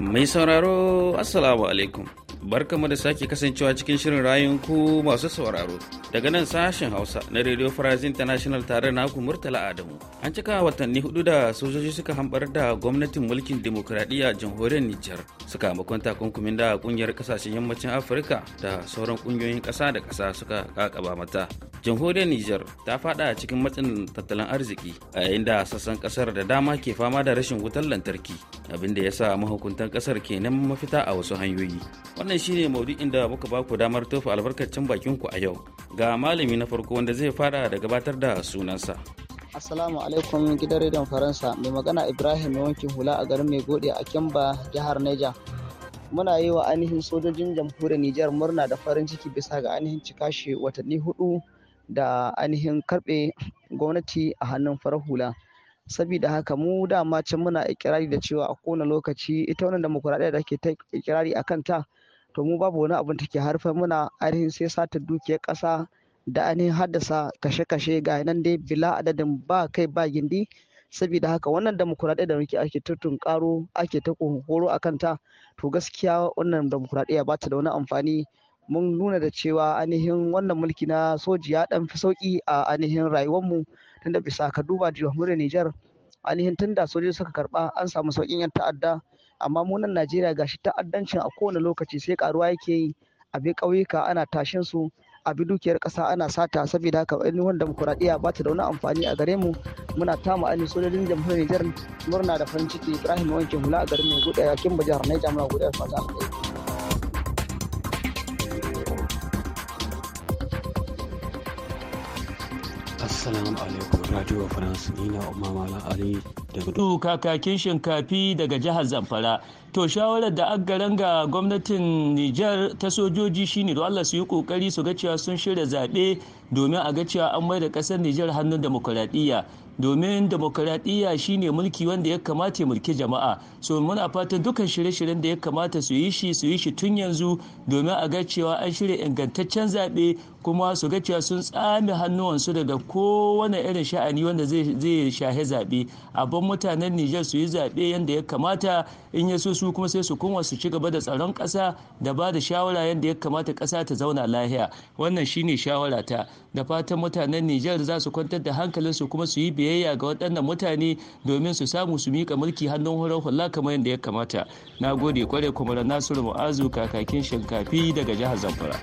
Mai sauraro, Assalamu alaikum. barkamu da sake kasancewa cikin shirin rayun ku masu sauraro daga nan sashen hausa na radio france international tare naku murtala adamu an cika watanni hudu da sojoji suka hambar da gwamnatin mulkin demokuraɗiyya jamhuriyar nijar suka makon takunkumin da kungiyar kasashen yammacin afirka da sauran kungiyoyin ƙasa da ƙasa suka kakaba mata jamhuriyar nijar ta fada cikin matsin tattalin arziki a yayin da sassan ƙasar da dama ke fama da rashin wutar lantarki abinda ya sa mahukuntan ƙasar ke neman mafita a wasu hanyoyi wannan shine maudu'in da muka baku damar tofa albarkacin bakin ku a yau ga malami na farko wanda zai fara da gabatar da sunansa Assalamu alaikum gidan rediyon Faransa mai magana Ibrahim mai wankin hula a garin mai gode a Kimba jihar Neja muna yi wa ainihin sojojin jamhuriyar Nijar murna da farin ciki bisa ga ainihin cika shi watanni hudu da ainihin karbe gwamnati a hannun farar hula. Sabida haka mu dama can muna ikirari da cewa a kowane lokaci ita wannan demokuraɗiyya da ke ta ikirari a kanta to mu babu wani abin take harfa muna ainihin sai satar dukiyar kasa da ainihin haddasa kashe-kashe ga nan dai bila adadin ba kai ba gindi saboda haka wannan demokuraɗe da muke ake ta karo ake ta horo a kanta to gaskiya wannan demokuraɗe ba ta da wani amfani mun nuna da cewa ainihin wannan mulki na soji ya dan fi sauki a ainihin rayuwarmu tunda bisa ka duba jamhuriyar Nijar ainihin tunda soji suka karɓa. an samu sauƙin yan ta'adda amma mu nan Najeriya gashi ta'addancin a kowane lokaci sai karuwa yake yi a bi ƙauyuka ana tashin su a bi dukiyar ƙasa ana sata saboda haka wanda demokuraɗiyya ba ta da wani amfani a gare mu muna tama ainihin sojojin jamhuriyar Nijar murna da farin ciki Ibrahim wankin hula a garin a yakin bajar Niger muna godiya fata Assalamu alaikum Radio France ni na Umar Malam Ali daga Du kakakin shinkafi daga jihar Zamfara. To shawarar da aka ranga gwamnatin niger ta sojoji shine da Allah su yi kokari su ga cewa sun shirya zaɓe domin a ga cewa an mai da ƙasar Nijar hannun demokuraɗiyya. domin demokaradiyya shine mulki wanda ya kamata ya mulki jama'a so muna fatan dukkan shirye-shiryen da ya kamata su yi shi su yi shi tun yanzu domin a ga cewa an shirya ingantaccen zaɓe kuma su ga cewa sun tsami hannuwansu daga kowane irin sha'ani wanda zai shahe zaɓe abin mutanen Nijar su yi zaɓe yadda ya kamata in ya so su kuma sai su kuma su ci gaba da tsaron ƙasa da ba da shawara yadda ya kamata ƙasa ta zauna lahiya wannan shine shawara ta da fatan mutanen Nijar za su kwantar da hankalinsu kuma su yi biyar. biyayya ga waɗannan mutane domin su samu su mika mulki hannun horon hula kamar yadda ya kamata na gode kwarai da nasiru mu'azu kakakin shinkafi daga jihar zamfara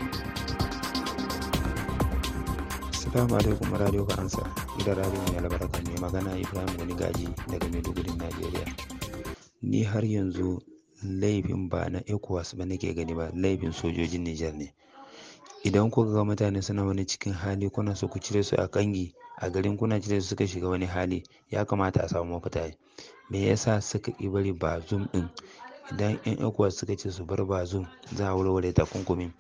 Assalamu alaikum Radio ansa ida radio mai albarka mai magana Ibrahim Wani Gaji daga Maiduguri, nigeria Ni har yanzu laifin ba na ECOWAS ba nake gani ba laifin sojojin niger ne. Idan kuka ga mutane suna wani cikin hali kuna so ku cire su a kangi a garin kuna su suka shiga wani hali ya kamata a samu mafita me yasa suka ki bari ba zoom din idan yan ekuwa suka ce su bar ba zoom za a warware takunkumin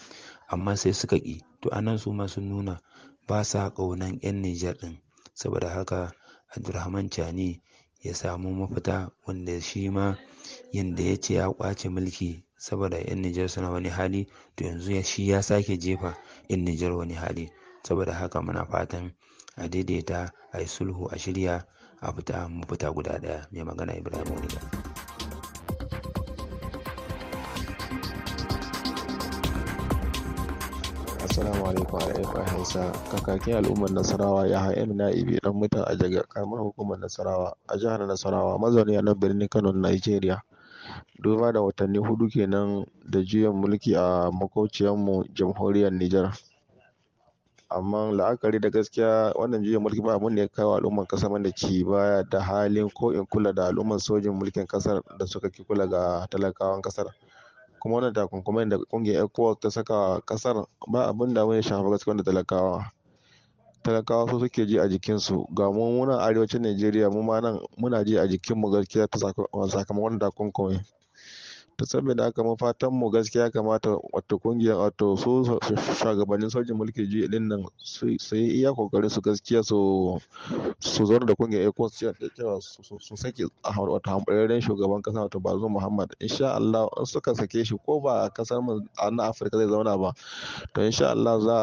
amma sai suka ki to anan su masu nuna ba sa kaunan yan Nijar din saboda haka Abdulrahman Chani ya samu mafita wanda shi ma yanda ya ce ya kwace mulki saboda yan Nijar suna wani hali to yanzu shi ya sake jefa yan Nijar wani hali saboda haka muna fatan a daidaita a yi sulhu a shirya a fita mafita guda daya mai magana ibrahim wani Assalamu alaikum alaikum Hausa kakakin al'ummar Nasarawa ya na na'ibi ɗan mutan a jaga karamar hukumar Nasarawa a jihar Nasarawa mazauni a nan birnin Kano Nigeria duba da watanni hudu kenan da juyin mulki a makwabciyarmu jamhuriyar Nijar amma la'akari da gaskiya wannan juyin mulki ba abin da ya kawo al'umman kasar da ke baya da halin ko in kula da al'umman sojin mulkin kasar da suka ki kula ga talakawan kasar kuma wannan takunkumai da kungiyar ecowa ta saka kasar ba abin da wani shafa gaskiya da talakawa talakawa su suke ji a jikinsu ga mu muna arewacin najeriya mu ma nan muna ji a jikinmu gaskiya ta sakamakon takunkumai ta saboda haka mafatan mu gaskiya kamata wato kungiyar wato su shugabannin sojin mulki ji din nan su yi iya kokarin su gaskiya su su zo da kungiyar ecos cewa su saki wato hamburaren shugaban kasa wato bazo muhammad insha Allah in suka sake shi ko ba kasar mu na afirka zai zauna ba to insha Allah za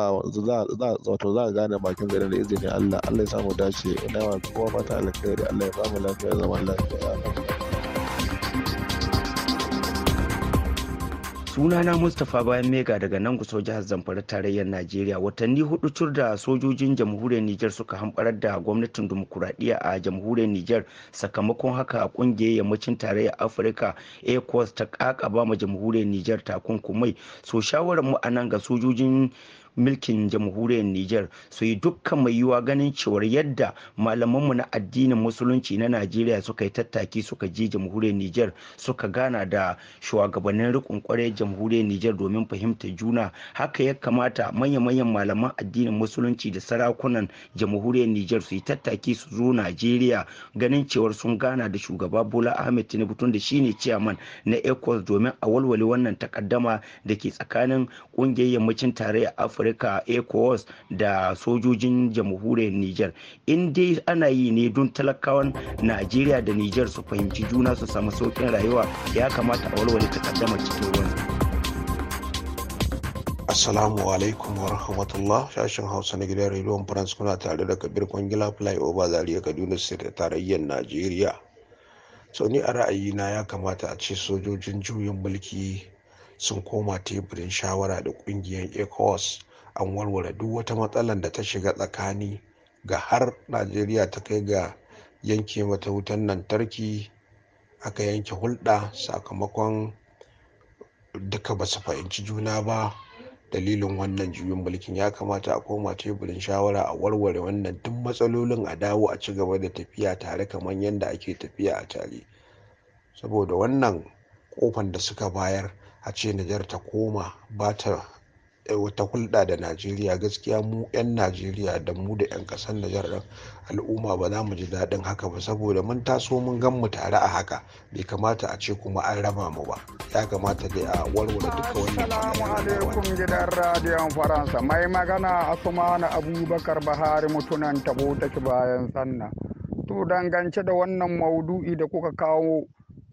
za wato za gane bakin garin da izini Allah Allah ya samu dace ina ma kowa fata alkhairi Allah ya ba mu lafiya zaman lafiya sunana mustapha bayan mega daga nan gusau jihar zamfara tarayyar najeriya watanni hudu cur da sojojin jamhuriyar niger suka hamɓarar da gwamnatin dimokuraɗiyya a jamhuriyar niger sakamakon haka a ƙungiyar yammacin tarayyar afirka ecos ta kakaba ma jamhuriyar niger takunkumai so shawarar mu anan ga sojojin mulkin jamhuriyar Nijar su yi dukkan mai yiwa ganin cewar yadda malamanmu na addinin musulunci na Najeriya suka yi tattaki suka je jamhuriyar Nijar suka gana da shugabannin rikon kwarai jamhuriyar Nijar domin fahimtar juna haka ya kamata manya-manyan malaman addinin musulunci da sarakunan jamhuriyar Nijar su yi tattaki su zo Najeriya ganin cewar sun gana da shugaba Bola Ahmed Tinubu tun da shine chairman na ECOWAS domin a walwale wannan takaddama da ke tsakanin kungiyar yammacin tarayya Afirka afirka ecowas da sojojin jamhuriyar niger in dai ana yi ne don talakawan najeriya da niger su fahimci juna su samu saukin rayuwa ya kamata a walwale takaddama cikin ruwan Assalamu alaikum wa rahmatullah shashin Hausa na gidan rediyon France kuna tare da Kabir Kwangila Flyover zariya Kaduna da tarayyar Najeriya. So ni a ra'ayina ya kamata a ce sojojin juyin mulki sun koma teburin shawara da kungiyar ECOWAS an warware duk wata matsalar da ta shiga tsakani ga har najeriya ta kai ga yanke mata wutan lantarki aka yanke hulɗa sakamakon duka ba su fahimci juna ba dalilin wannan juyin mulkin ya kamata a koma teburin shawara a warware wannan duk matsalolin a dawo a ci gaba da tafiya tare kamar yadda ake tafiya a tare saboda wannan kofan da suka bayar a ce Nijar ta koma ba ta Eh, wata hulɗa da najeriya gaskiya mu 'yan najeriya da mu da 'yan ƙasar nijar ɗin al'umma ba za mu ji daɗin haka ba saboda mun taso mun gan mu tare a haka bai kamata a ce kuma an raba mu ba ya kamata dai a warware duka wannan assalamu alaikum gidan radiyon faransa mai magana asumana abubakar bahari mutunan tabo take bayan sannan to dangance da wannan maudu'i da kuka kawo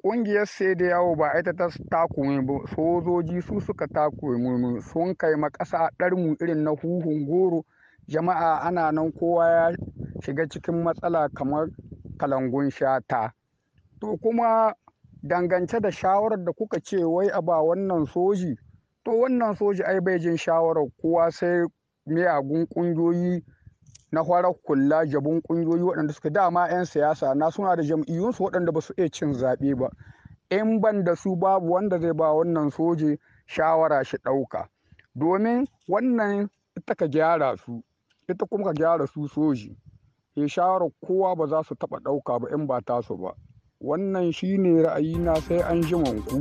ƙungiyar sai da yawo ba ita ta takume ba sojoji su suka takume mu sun kai makasa ɗarmu irin na huhun goro jama'a ana nan kowa ya shiga cikin matsala kamar kalangun shata to kuma dangance da shawarar da kuka ce wai a ba wannan soji to wannan soji ai bai jin shawarar kowa sai miyagun ƙungiyoyi na fara kula jabun kungiyoyi waɗanda suka dama 'yan siyasa na suna da jam'iyyunsu waɗanda ba su iya cin zaɓe ba in ban da su babu wanda zai ba wannan soje shawara shi ɗauka domin wannan ita ka gyara su ita kuma ka gyara su soji ke eh, shawara kowa ba za su taɓa ɗauka ba in ba su ba wannan shi shine na sai an ji ku.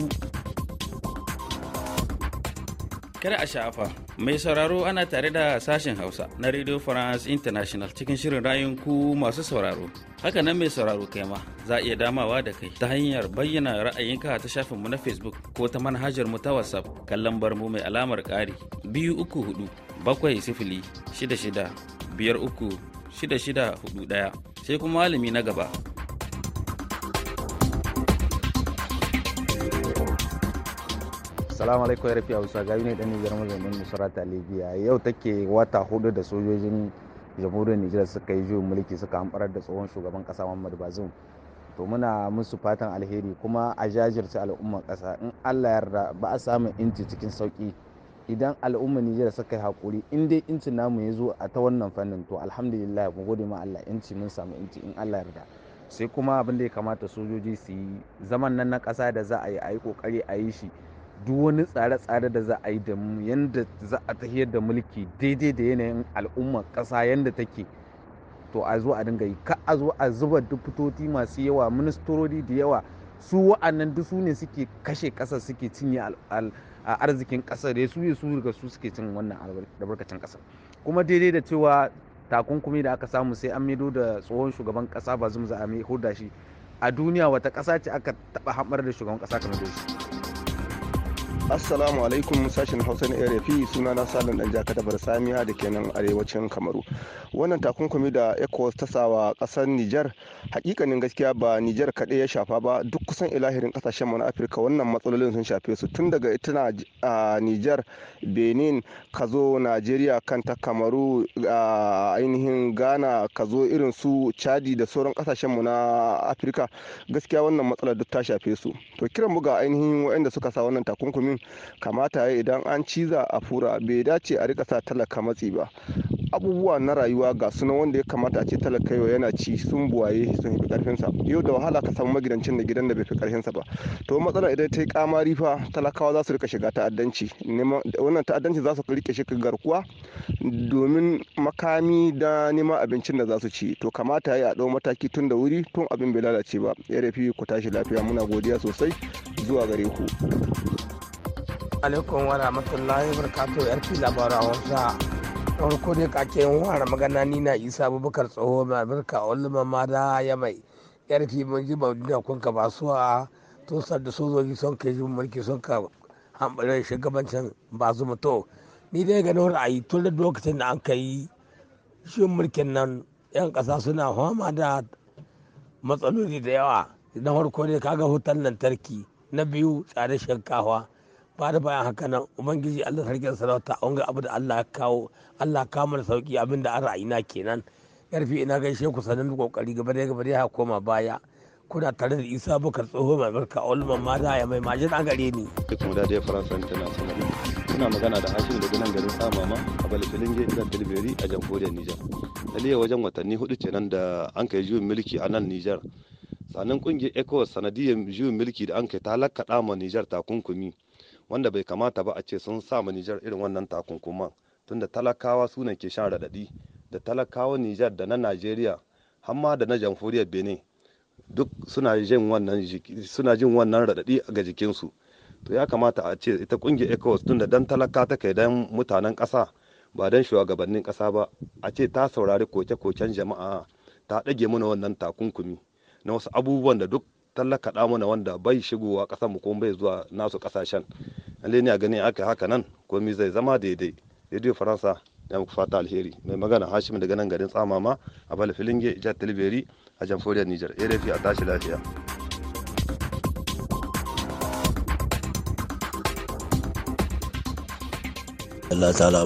kada a sha'afa Mai sauraro ana tare da sashen Hausa na Radio France International cikin shirin rayun ku masu sauraro. Haka nan mai sauraro kai ma za a iya damawa da kai ta hanyar bayyana ra'ayinka ta shafinmu na Facebook ko ta manhajar mu ta WhatsApp kan lambar mu mai alamar kari biyu uku hudu bakwai sifili shida shida biyar uku shida shida hudu ɗaya sai kuma malami na gaba. assalamu alaikum rafi hausa gari ne dan nijar mazaunin musarata libya yau take wata hudu da sojojin jamhuriyar nijar suka yi juyin mulki suka hamɓarar da tsohon shugaban kasa muhammadu bazoum to muna musu fatan alheri kuma a jajirce al'ummar kasa in allah yarda ba a samun inci cikin sauki idan al'ummar nijar suka yi hakuri in dai inci namu ya zo a ta wannan fannin to alhamdulillah mu gode ma allah inci mun samu inci in allah yarda sai kuma abin da ya kamata sojoji su yi zaman nan na kasa da za a yi a yi kokari a yi shi duk wani tsare-tsare da za a yi da mu yadda za a tafiyar da mulki daidai da yanayin al'ummar ƙasa yadda take to a zo a dinga yi ka a zo a zuba fitoti masu yawa ministorori da yawa su wa'annan duk su ne suke kashe ƙasar suke cinye arzikin ƙasar da su ne su riga su suke cin wannan albarkacin ƙasar kuma daidai da cewa takunkumi da aka samu sai an mido da tsohon shugaban ƙasa ba zumza a mai hurda shi a duniya wata ƙasa ce aka taɓa hamar da shugaban ƙasa kamar da shi assalamu alaikum sashen hausa na rfi suna na salin dan jaka da samiya da kenan arewacin kamaru wannan takunkumi da ecowas ta sawa kasar niger hakikanin gaskiya ba niger kaɗai ya shafa ba duk kusan ilahirin kasashen mu na afirka wannan matsalolin sun shafe su tun daga ita a niger benin ka zo nigeria kanta kamaru a ainihin ghana ka zo irin su chadi da sauran kasashen mu na afirka gaskiya wannan matsalar duk ta shafe su to kiran mu ga ainihin waɗanda suka sa wannan takunkumin kamata ya idan an ciza a fura bai dace a rika sa talaka matsi ba abubuwa na rayuwa ga suna wanda ya kamata a ce talaka yau yana ci sun buwaye sun fi karfinsa yau da wahala ka samu magidancin da gidan da bai fi karfinsa ba to matsalar idan ta yi kamari fa talakawa za su rika shiga ta'addanci wannan ta'addanci za su rike shi garkuwa domin makami da neman abincin da za su ci to kamata ya dau mataki tun da wuri tun abin bai lalace ba ya rafi ku tashi lafiya muna godiya sosai zuwa gare ku alaikum wa rahmatullahi barkatu yar fi labaran hausa farko ne kake yin magana ni na isa abubakar tsoho mai Wani ulama da ya mai yar fi mun ji maudina kun ka basuwa tun da sojoji son ka yi mulki sun ka hambarar shugabancin bazu mutu ni dai ganin ra'ayi tun da lokacin da an kai yi shi mulkin nan yan ƙasa suna fama da matsaloli da yawa na farko ne kaga hutar lantarki na biyu tsare shinkafa ba da bayan haka nan ubangiji allah sarkin sarauta wanga abu da allah kawo allah kawo mana sauki abin da an ra'ayina kenan yarfi ina gaishe ku sanin kokari gaba da gaba da koma baya kuna tare da isa bukar tsoho mai barka olman mata ya mai majin a gare ni kuma da dai suna magana da hashim daga nan garin ma a balfilinge da tilberi a jamhuriyar nijar dalilin wajen watanni hudu kenan da an kai juyin mulki a nan nijar sannan kungiyar ecowas sanadiyar juyin mulki da an kai ta lakaɗa ma nijar kunkumi. wanda bai kamata ba a ce sun sa ma Nijar irin wannan takunkuman tunda talakawa su ke shan hmm. raɗaɗi da talakawa Nijar da na Najeriya hamma da na jamhuriyar Benin duk suna jin wannan suna raɗaɗi ga jikinsu to ya kamata a ce ita kungiyar ECOWAS tunda dan talaka ta kai dan mutanen kasa ba dan shugabannin kasa ba a ce ta saurari koke-koken jama'a ta ɗage mana wannan takunkumi na wasu abubuwan da duk tallaka mana wanda bai shigowa ƙasar mu kuma bai zuwa nasu kasashen. lalle ne a ganin aka haka nan komai zai zama daidai radio faransa ya muku fata alheri mai magana hashim daga nan garin tsamama a bala filinge jihar talibiri a jamforiyar niger rfi a tashi lafiya Allah ta'ala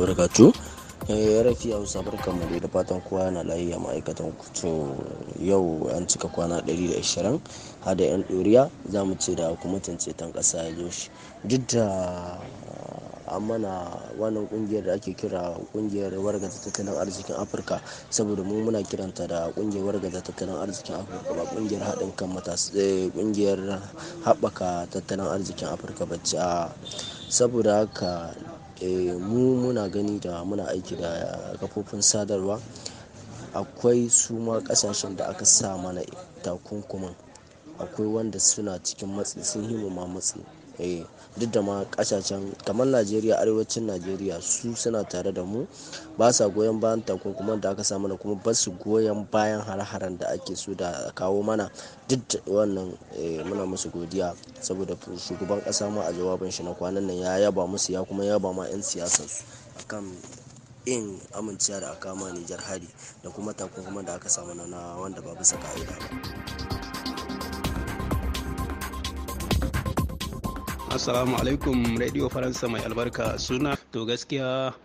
yarafi eh, a Hausa barkan da fatan kowa yana lafiya ma'aikatan kuto yau an cika kwana 120 hada yan doriya za mu ce da kuma ceton kasa ya zo shi duk da ah, an mana wannan kungiyar da ake kira kungiyar wargaza tattalin arzikin afirka saboda mu muna kiranta da kungiyar wargaza tattalin arzikin afirka ba kungiyar haɗin kan matasa kungiyar eh, haɓaka tattalin arzikin afirka ba ah, saboda haka Eh mu muna gani da muna aiki da kafofin sadarwa. Akwai suma ƙasashen da aka sa mana takunkuman. Akwai wanda suna cikin matsi sun himma ma matsi. eh duk da ma kasashen kamar najeriya arewacin najeriya su suna tare da mu ba sa goyon bayan takunkuman da aka samu da kuma ba su goyon bayan har-haren da ake so da kawo mana duk wannan eh, muna musu godiya saboda shugaban kasa ma a jawabin shi na kwanan nan ya yaba musu ya kuma yaba ma 'yan a kan in amincewa da aka ma nijar hari da kuma takunkuman da aka samu na wanda ba bisa ka'ida ba assalamu alaikum radio faransa mai albarka suna to gaskiya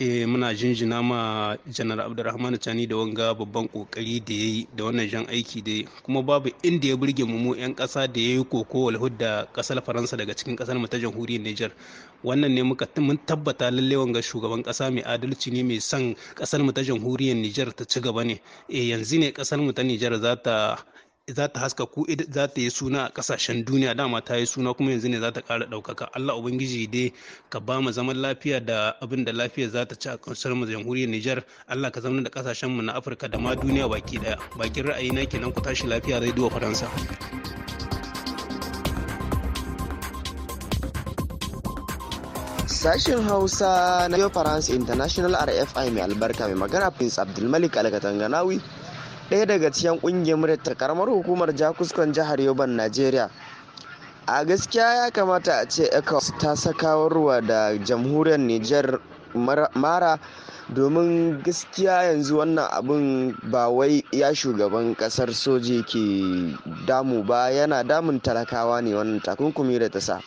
e muna jinjina ma janar abdurrahman cani da wanga babban kokari da ya yi da wannan jan aiki da kuma babu inda ya burge mu yan kasa da ya yi koko walhud da kasar faransa daga cikin kasar mu ta jamhuriyar niger wannan ne muka mun tabbata lalle wanga shugaban kasa mai adalci ne mai son kasar mu ta jamhuriyar niger ta ci gaba ne e yanzu ne kasar mu ta niger za ta za ta haska ku za ta yi suna a kasashen duniya dama ta yi suna kuma yanzu ne za ta kara ɗaukaka Allah ubangiji dai ka ba mu zaman lafiya da abin da lafiya za ta ci a kasar mu jamhuriyar Nijar Allah ka zama da kasashen mu na Afirka da ma duniya baki daya bakin ra'ayi na kenan ku tashi lafiya radio Faransa Sashen Hausa na Radio France International RFI mai albarka mai magana Prince Abdulmalik Alkatanganawi ɗaya daga cikin ƙungiyar murar karamar hukumar jakuskan jihar yoban najeriya a gaskiya ya kamata a ce ecos ta sakawar ruwa da jamhuriyar niger mara domin gaskiya yanzu wannan abin ba wai ya shugaban kasar soji ke damu ba yana damun talakawa ne wannan takunkumi da ta sa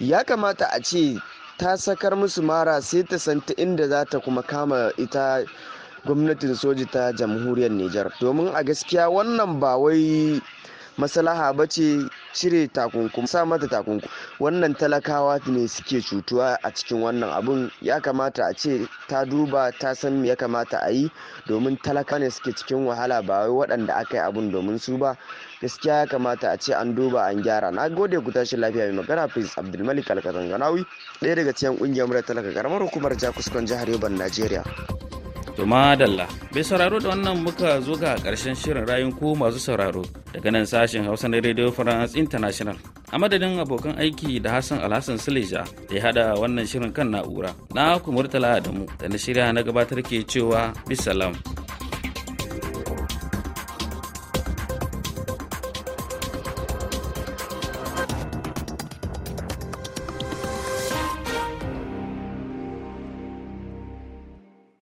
ya kamata a ce ta sakar musu mara sai ta santa inda za ta kuma kama ita gwamnatin soji ta jamhuriyar Nijar. Domin a gaskiya wannan ba wai maslaha ba ce cire takunkum sa mata takunkum wannan talakawa ne suke cutuwa a cikin wannan abun ya kamata a ce ta duba ta san ya kamata a yi domin talaka ne suke cikin wahala ba wai waɗanda aka yi abun domin su ba gaskiya ya kamata a ce an duba an gyara na gode ku tashi lafiya mai magana prince abdulmalik Ganawi, ɗaya daga cikin ƙungiyar murar talaka karamar hukumar jakuskon jihar Yobon najeriya To madalla, bai sauraro da wannan muka zo ga ƙarshen shirin rayun ku masu sauraro daga nan sashen Hausa na Radio France International. A madadin abokan aiki da Hassan Alhassan Suleja da ya hada wannan shirin kan na'ura. Na ku Murtala mu da na shirya na gabatar ke cewa bisalam.